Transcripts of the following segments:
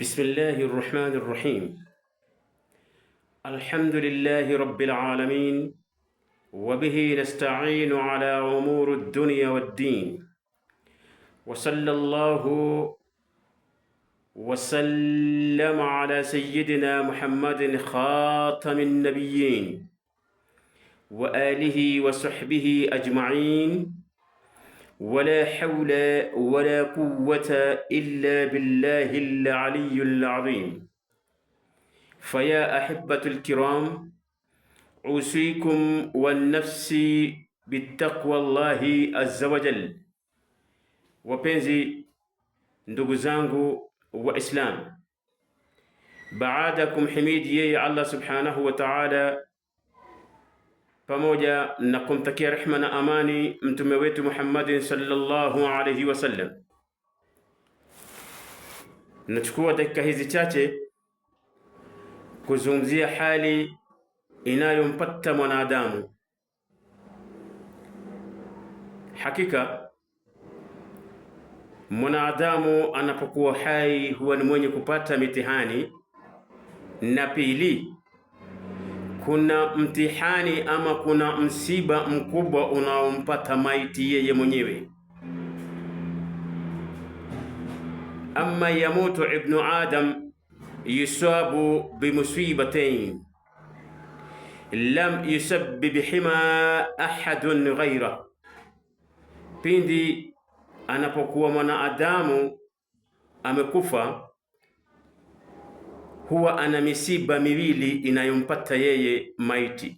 بسم الله الرحمن الرحيم الحمد لله رب العالمين وبه نستعين على امور الدنيا والدين وصلى الله وسلم على سيدنا محمد خاتم النبيين واله وصحبه اجمعين ولا حول ولا قوة إلا بالله العلي العظيم فيا أحبة الكرام أوصيكم والنفس بالتقوى الله عز وجل وبنزي ندوغزانغو وإسلام wa حميد baadakum الله سبحانه وتعالى pamoja na kumtakia rehma na amani mtume wetu Muhammadin sallallahu alayhi wasallam. Nachukua dakika hizi chache kuzungumzia hali inayompata mwanadamu. Hakika mwanadamu anapokuwa hai huwa ni mwenye kupata mitihani na pili kuna mtihani ama kuna msiba mkubwa unaompata maiti yeye mwenyewe. Amma yamutu ibnu adam yusabu bimusibatain lam yusabbib hima ahadun ghaira, pindi anapokuwa mwanadamu amekufa huwa ana misiba miwili inayompata yeye maiti.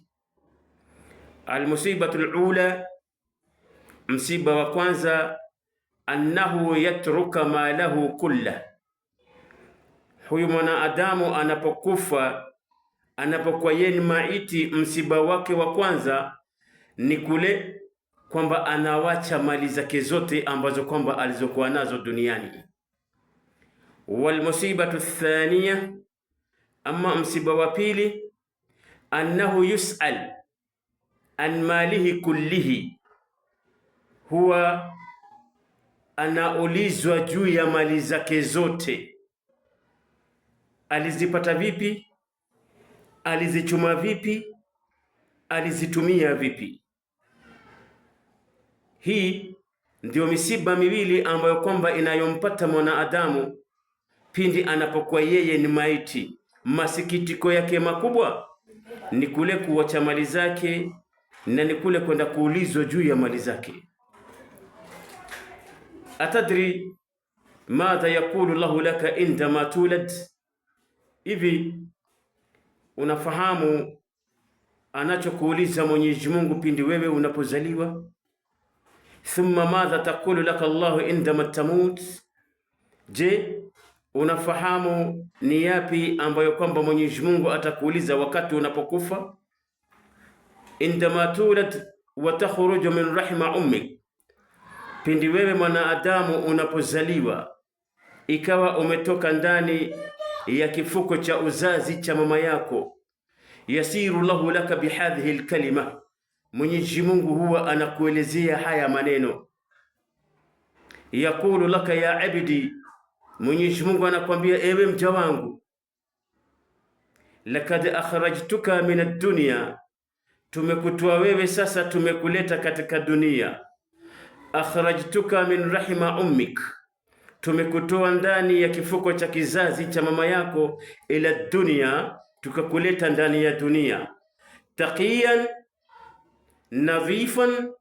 Almusibatu lula, msiba wa kwanza, annahu yatruka lahu kulla, huyu mwanaadamu anapokufa anapokuwa yeye ni maiti, msiba wake wa kwanza ni kule kwamba anawacha mali zake zote ambazo kwamba alizokuwa nazo duniani. Walmusibatu thaniya ama msiba wa pili, annahu yusal an malihi kullihi, huwa anaulizwa juu ya mali zake zote, alizipata vipi, alizichuma vipi, alizitumia vipi. Hii ndiyo misiba miwili ambayo kwamba inayompata mwanaadamu pindi anapokuwa yeye ni maiti masikitiko yake makubwa ni kule kuwacha mali zake na ni kule kwenda kuulizwa juu ya mali zake. Atadri madha yakulu lahu laka indama tulad, hivi unafahamu anachokuuliza Mwenyezi Mungu pindi wewe unapozaliwa? Thumma madha takulu laka llahu indama tamut, je Unafahamu ni yapi ambayo kwamba Mwenyezi Mungu atakuuliza wakati unapokufa? indama tulad wa takhruju min rahma ummik, pindi wewe mwanaadamu unapozaliwa ikawa umetoka ndani ya kifuko cha uzazi cha mama yako. Yasiru lahu laka bihadhihi lkalima Mwenyezi Mungu huwa anakuelezea haya maneno, yaqulu laka ya abdi Mwenyezi Mungu anakwambia, ewe mja wangu, lakad akhrajtuka min ad-dunya, tumekutoa wewe sasa, tumekuleta katika dunia. Akhrajtuka min rahima ummik, tumekutoa ndani ya kifuko cha kizazi cha mama yako, ila dunia, tukakuleta ndani ya dunia. Taqiyan nadhifan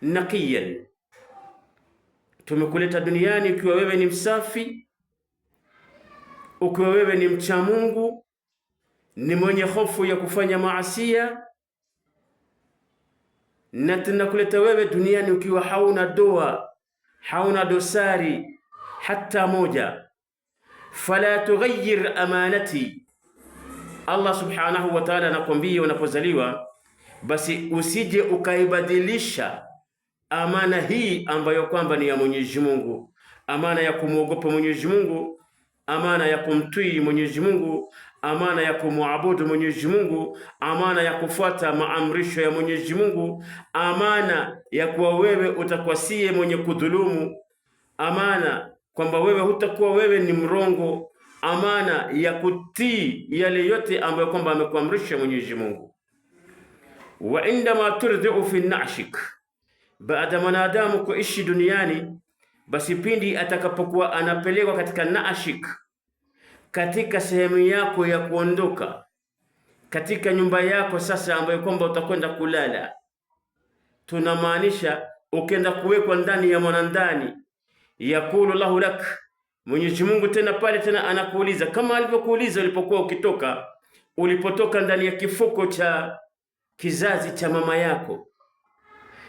naqiyan Tumekuleta duniani ukiwa wewe ni msafi, ukiwa wewe ni mcha Mungu, ni mwenye hofu ya kufanya maasia, na tunakuleta wewe duniani ukiwa hauna doa, hauna dosari hata moja. Fala tughayyir amanati. Allah subhanahu wa ta'ala anakwambia unapozaliwa, basi usije ukaibadilisha amana hii ambayo kwamba ni ya Mwenyezi Mungu, amana ya kumwogopa Mwenyezi Mungu, amana ya kumtii Mwenyezi Mungu, amana ya kumwabudu Mwenyezi Mungu, amana ya kufuata maamrisho ya Mwenyezi Mungu, amana ya kuwa wewe utakuwa siye mwenye kudhulumu, amana kwamba wewe hutakuwa wewe ni mrongo, amana ya kutii yale yote ambayo kwamba amekuamrisha Mwenyezi Mungu. wa indama turdiu fi nashik baada mwanadamu kuishi duniani, basi pindi atakapokuwa anapelekwa katika naashik, katika sehemu yako ya kuondoka, katika nyumba yako sasa ambayo kwamba utakwenda kulala, tunamaanisha ukenda kuwekwa ndani ya mwanandani, yakulu lahu lak Mwenyezi Mungu tena pale tena anakuuliza kama alivyokuuliza ulipokuwa ukitoka, ulipotoka ndani ya kifuko cha kizazi cha mama yako,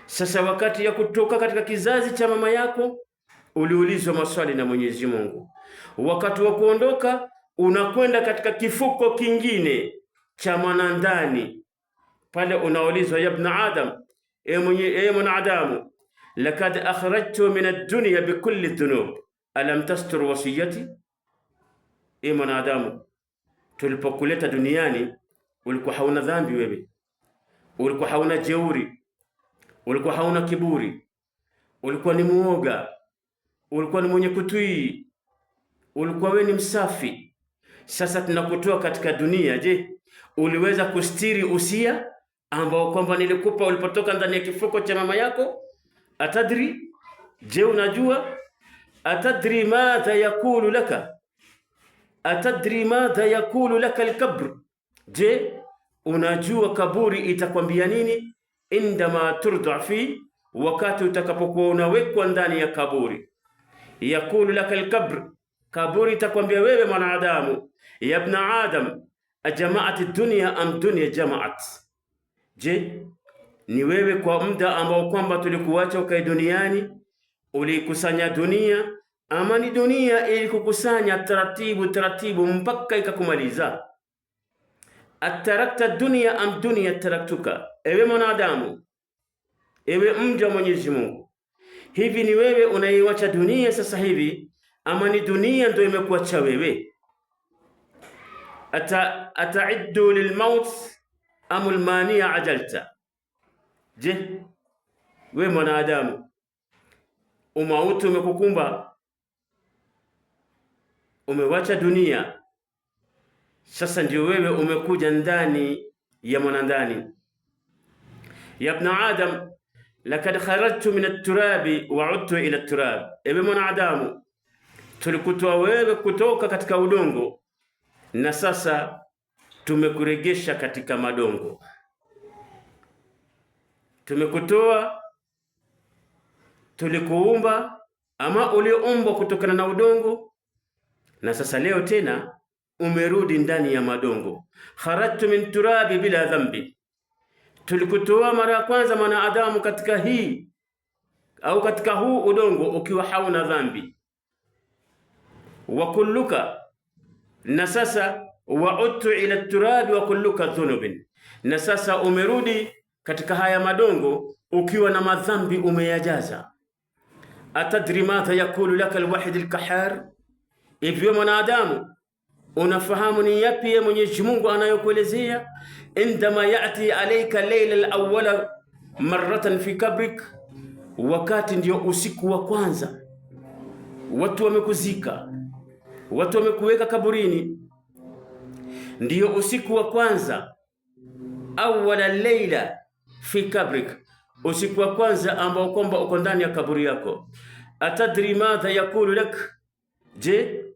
sasa wakati ya kutoka katika kizazi cha mama yako uliulizwa maswali na Mwenyezi Mungu. Wakati wa kuondoka unakwenda katika kifuko kingine cha mwanandani, pale unaulizwa ya ibn Adam, e, e mwanadamu, lakad akhrajtu min ad-dunya bi kulli dhunub alam tastur wasiyati. E mwanadamu, tulipokuleta duniani ulikuwa hauna dhambi wewe, ulikuwa hauna jeuri ulikuwa hauna kiburi, ulikuwa ni muoga, ulikuwa ni mwenye kutii, ulikuwa we ni msafi. Sasa tunakutoa katika dunia. Je, uliweza kustiri usia ambao kwamba nilikupa ulipotoka ndani ya kifuko cha mama yako? Atadri, je unajua? Atadri madha yakulu laka, atadri madha yakulu laka alkabr, je unajua kaburi itakwambia nini? indama turda fi, wakati utakapokuwa unawekwa ndani ya kaburi. Yakulu laka alqabr, kaburi itakwambia wewe mwanadamu, ya ibn adam ajama'at dunya am dunya jamaat, je ni wewe kwa muda ambao kwamba tulikuacha ukae duniani ulikusanya dunia ama ni dunia ilikukusanya kukusanya taratibu taratibu mpaka ikakumaliza? atarakta dunia am dunia taraktuka, ewe mwanadamu, ewe mja wa Mwenyezi Mungu, hivi ni wewe unaiwacha dunia sasa hivi ama ni dunia ndio imekuacha wewe? Ata ataiddu lilmaut amul mania ajalta. Je, we mwanadamu, umauti umekukumba? Umewacha dunia sasa ndio wewe umekuja ndani ya mwanandani. Ya ibn Adam, lakad kharajtu min at-turabi wa udtu ila at-turab. Ewe mwanadamu, tulikutoa wewe kutoka katika udongo na sasa tumekuregesha katika madongo. Tumekutoa, tulikuumba ama uliumbwa kutokana na udongo, na sasa leo tena umerudi ndani ya madongo. Kharajtu min turabi bila dhambi, tulikutoa mara ya kwanza mwanadamu katika hii au katika huu udongo ukiwa hauna dhambi. Wakulluka, na sasa wa utu ila turabi wa kulluka dhunubin, na sasa umerudi katika haya madongo ukiwa na madhambi umeyajaza. Atadri madha yakulu laka alwahid alqahar, ivyo mwanadamu unafahamu ni yapi ya Mwenyezi Mungu anayokuelezea, indama yati alayka laila alawwala maratan fi kabrik, wakati ndio usiku wa kwanza watu wamekuzika, watu wamekuweka kaburini, ndiyo usiku wa kwanza. Awala leila fi kabrik, usiku wa kwanza ambao kwamba uko ndani ya kaburi yako. Atadri madha yakulu lak, je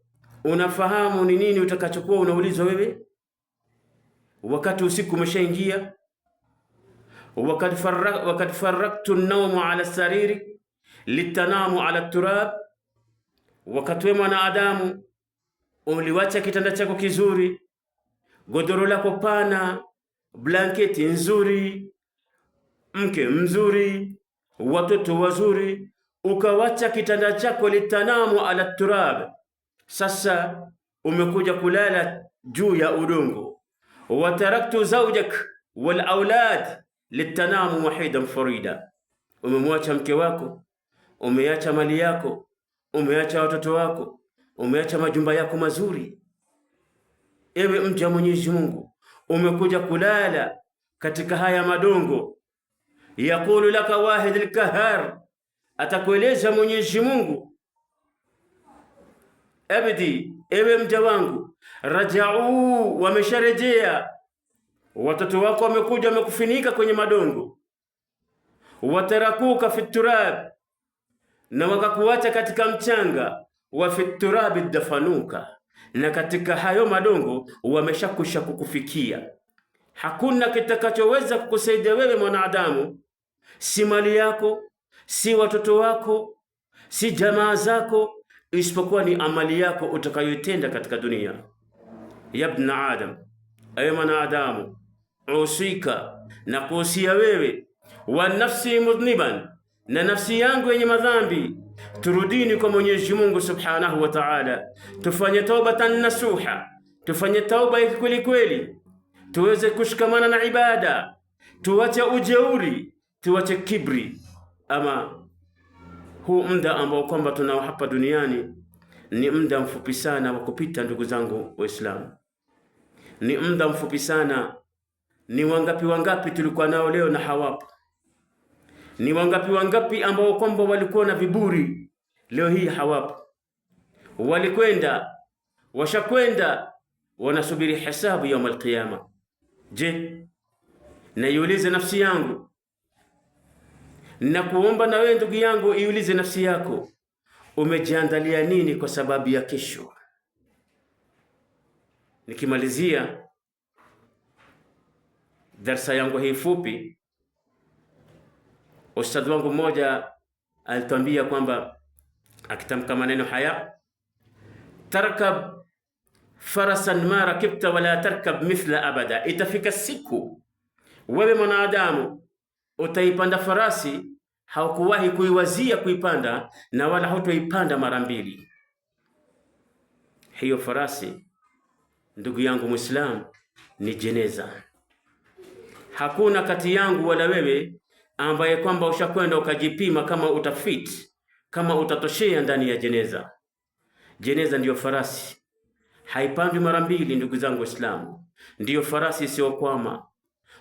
unafahamu ni nini utakachokuwa unaulizwa wewe, wakati usiku umeshaingia. wakad faraktu naumu ala sariri litanamu ala turab, wakati we mwanadamu uliwacha kitanda chako kizuri, godoro lako pana, blanketi nzuri, mke mzuri, watoto wazuri, ukawacha kitanda chako litanamu ala turab sasa umekuja kulala juu ya udongo. wataraktu zawjak wal aulad litanamu wahidan farida, umemwacha mke wako, umeacha mali yako, umeacha watoto wako, umeacha majumba yako mazuri. Ewe mja Mwenyezi Mungu, umekuja kulala katika haya madongo. Yaqulu laka wahid lkahar atakueleza Mwenyezi Mungu abdi, ewe mja wangu, rajau, wamesharejea. Watoto wako wamekuja wamekufinika kwenye madongo, watarakuka fiturab, na wakakuacha katika mchanga wa fiturabi dafanuka, na katika hayo madongo wameshakusha kukufikia. Hakuna kitakachoweza kukusaidia wewe mwanadamu, si mali yako, si watoto wako, si jamaa zako isipokuwa ni amali yako utakayotenda katika dunia. Yabna adam, ewe mwanadamu, usika na kuhusia wewe wa nafsi mudhniban, na nafsi yangu yenye madhambi, turudini kwa Mwenyezi Mungu subhanahu wa ta'ala, tufanye taubatan nasuha, tufanye tauba ya kweli kweli, tuweze kushikamana na ibada, tuwache ujeuri, tuwache kibri ama huu muda ambao kwamba tunao hapa duniani ni muda mfupi sana wa kupita, ndugu zangu Waislamu, ni muda mfupi sana. Ni wangapi wangapi tulikuwa nao leo na hawapo? Ni wangapi wangapi ambao kwamba walikuwa na viburi leo hii hawapo? Walikwenda, washakwenda, wanasubiri hisabu yaumul qiyama. Je, naiulize nafsi yangu kuomba na wewe ndugu yangu, iulize nafsi yako, umejiandalia nini kwa sababu ya kesho? Nikimalizia darsa yangu hii fupi, ustadhi wangu mmoja alitwambia kwamba, akitamka maneno haya, tarkab farasan ma rakibta wala tarkab mithla abada, itafika siku wewe mwanadamu Utaipanda farasi, haukuwahi kuiwazia kuipanda, na wala hautoipanda mara mbili. Hiyo farasi, ndugu yangu Muislamu, ni jeneza. Hakuna kati yangu wala wewe ambaye kwamba ushakwenda ukajipima kama utafit kama utatoshea ndani ya jeneza. Jeneza ndiyo farasi, haipandwi mara mbili. Ndugu zangu Waislamu, ndiyo farasi isiyokwama,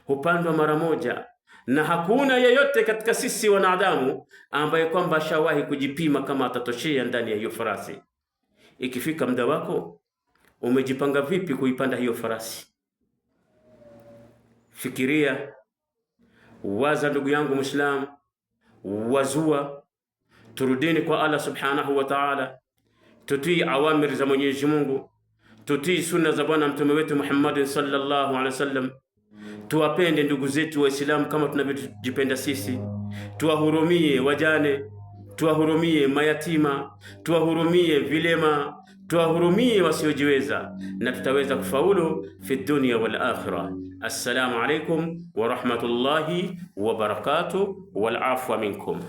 hupandwa mara moja na hakuna yeyote katika sisi wanadamu ambaye kwamba ashawahi kujipima kama atatoshea ndani ya hiyo farasi. Ikifika muda wako, umejipanga vipi kuipanda hiyo farasi? Fikiria, waza ndugu yangu Muislamu, wazua. Turudini kwa Allah subhanahu wa ta'ala, tutii awamiri za Mwenyezi Mungu, tutii sunna za Bwana Mtume wetu Muhammadin sallallahu alaihi wasallam Tuwapende ndugu zetu Waislamu kama tunavyojipenda sisi, tuwahurumie wajane, tuwahurumie mayatima, tuwahurumie vilema, tuwahurumie wasiojiweza, na tutaweza kufaulu fi dunia wal akhirah. Assalamu alaikum wa rahmatullahi wa barakatuh, wal afwa minkum.